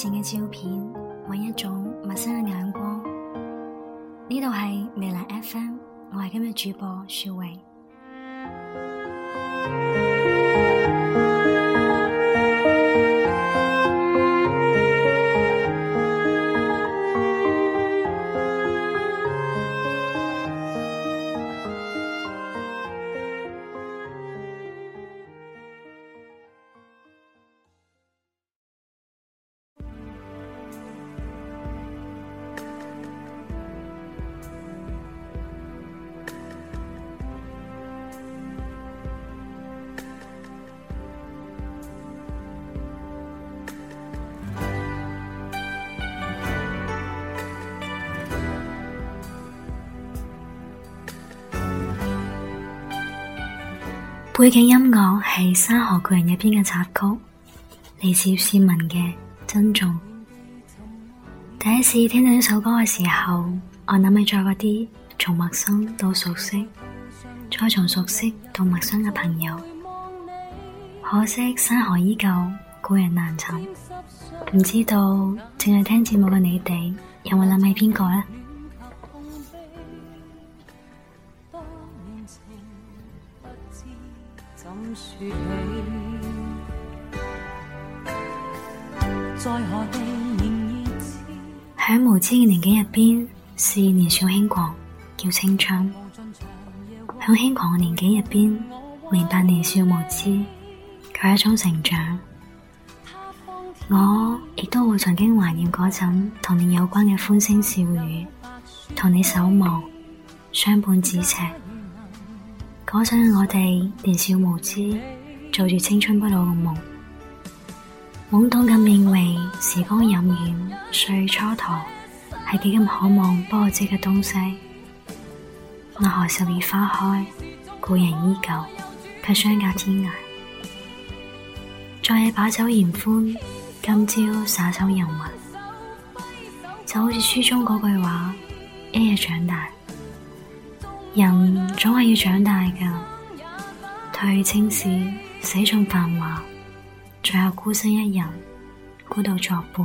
前嘅照片，搵一種陌生嘅眼光。呢度係未來 FM，我係今日主播舒穎。背景音樂係《山河故人》入邊嘅插曲，嚟自市民嘅珍重。第一次聽到呢首歌嘅時候，我諗起咗嗰啲從陌生到熟悉，再從熟悉到陌生嘅朋友。可惜山河依舊，故人難尋。唔知道正在聽節目嘅你哋，有冇諗起邊個咧？喺無知嘅年紀入邊，肆意年少輕狂，叫青春；喺輕狂嘅年紀入邊，明白年少無知，佢係一種成長。我亦都會曾經懷念嗰陣同你有關嘅歡聲笑語，同你守望，相伴咫尺。嗰陣我哋年少無知，做住青春不老嘅夢，懵懂咁認為時光荏苒，歲月蹉跎係幾咁渴望波折即嘅東西。奈何十二花開，故人依舊，卻相隔天涯。昨夜把酒言歡，今朝撒手人寰，就好似書中嗰句話：一夜長大。人總係要長大㗎，退去青史，死盡繁華，最後孤身一人，孤獨作伴。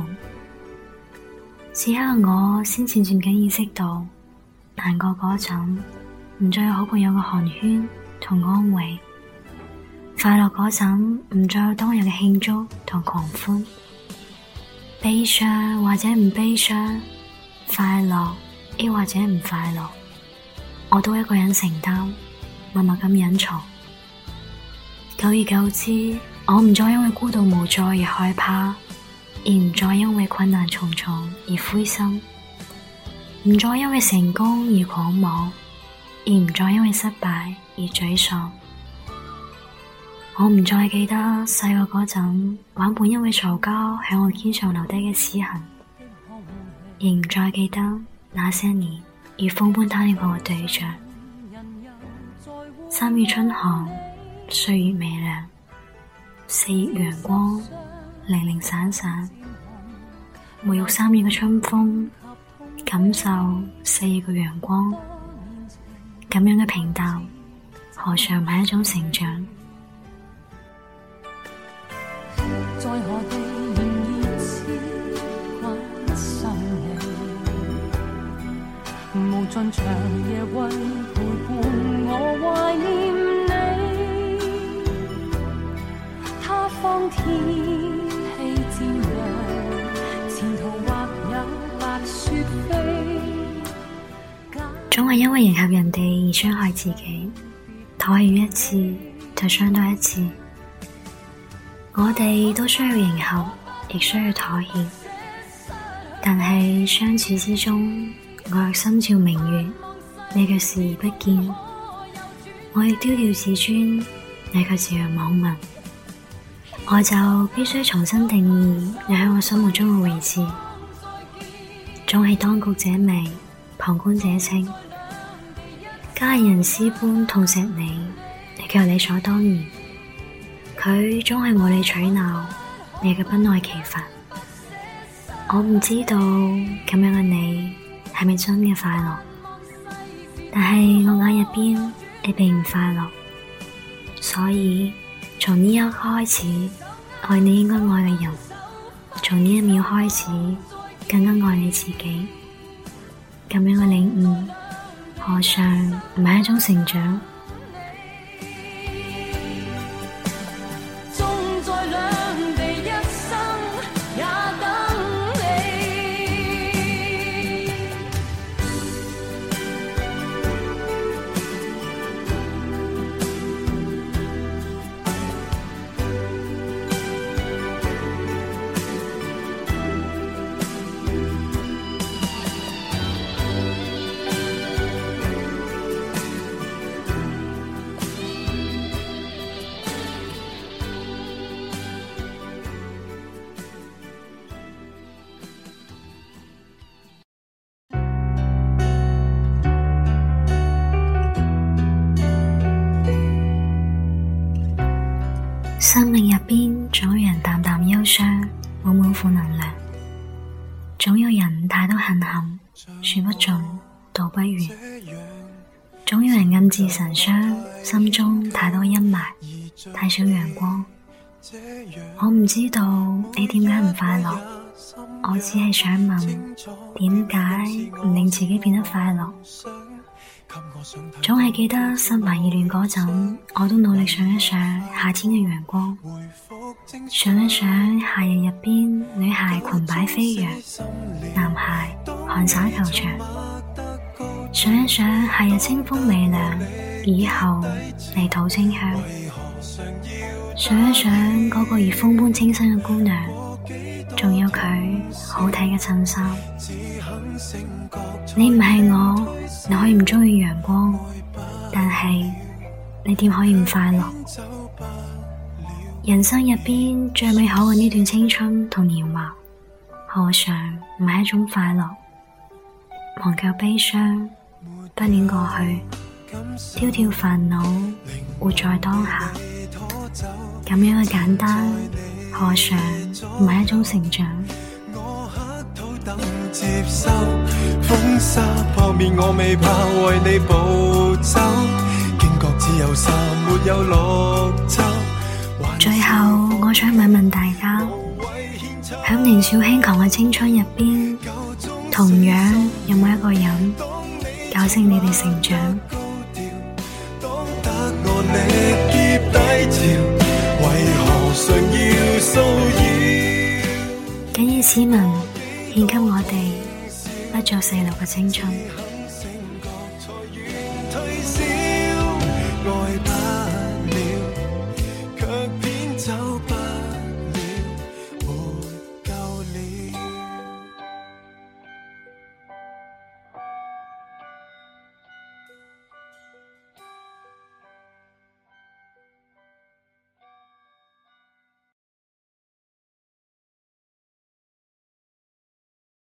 此刻我先漸漸咁意識到，難過嗰陣唔再有好朋友嘅寒暄同安慰，快樂嗰陣唔再有當日嘅慶祝同狂歡，悲傷或者唔悲傷，快樂亦或者唔快樂。我都一個人承擔，默默咁隱藏。久而久之，我唔再因為孤獨無助而害怕，而唔再因為困難重重而灰心，唔再因為成功而狂妄，而唔再因為失敗而沮喪。我唔再記得細個嗰陣玩伴因為嘈交喺我肩上留低嘅齒痕，亦唔再記得那些年。如風般貪戀過嘅對象，三月春寒，歲月微涼，四月陽光零零散散，沐浴三月嘅春風，感受四月嘅陽光，咁樣嘅平淡，何嘗唔係一種成長？總係因為迎合人哋而傷害自己，妥協一次就傷多一次。我哋都需要迎合，亦需要妥協。但喺相處之中，我若心照明月，你卻視而不見；我亦丟掉自尊，你卻置若罔聞。我就必須重新定義你喺我心目中嘅位置。總係當局者迷，旁觀者清。家人私奔痛錫你，你卻理所當然。佢總係無理取鬧，你嘅不耐其煩。我唔知道咁樣嘅你係咪真嘅快樂，但係我眼入邊你並唔快樂。所以從呢一刻開始，愛你應該愛嘅人，從呢一秒開始，更加愛你自己。咁樣嘅領悟。嗯愛上唔係一種成長。生命入邊，總有人淡淡憂傷，滿滿負能量；總有人太多恨恨，說不盡，道不完；總有人暗自神傷，心中太多陰霾，太少陽光。我唔知道你點解唔快樂，我只係想問，點解唔令自己變得快樂？總係記得心迷意亂嗰陣，我都努力想一想夏天嘅陽光，想一想夏日入邊女孩裙擺飛揚，男孩汗灑球場，想一想夏日清風微涼，以後泥土清香，想一想嗰個如風般清新嘅姑娘，仲有佢好睇嘅襯衫。你唔係我，你可以唔中意陽光，但係你點可以唔快樂？人生入邊最美好嘅呢段青春同年華，何嘗唔係一種快樂？忘掉悲傷，不戀過去，丟掉煩惱，活在當下，咁樣嘅簡單，何嘗唔係一種成長？最後，我想問問大家，響年少輕狂嘅青春入邊，同樣有冇一個人，教識你哋成長？緊要市民。獻給我哋不作細路嘅青春。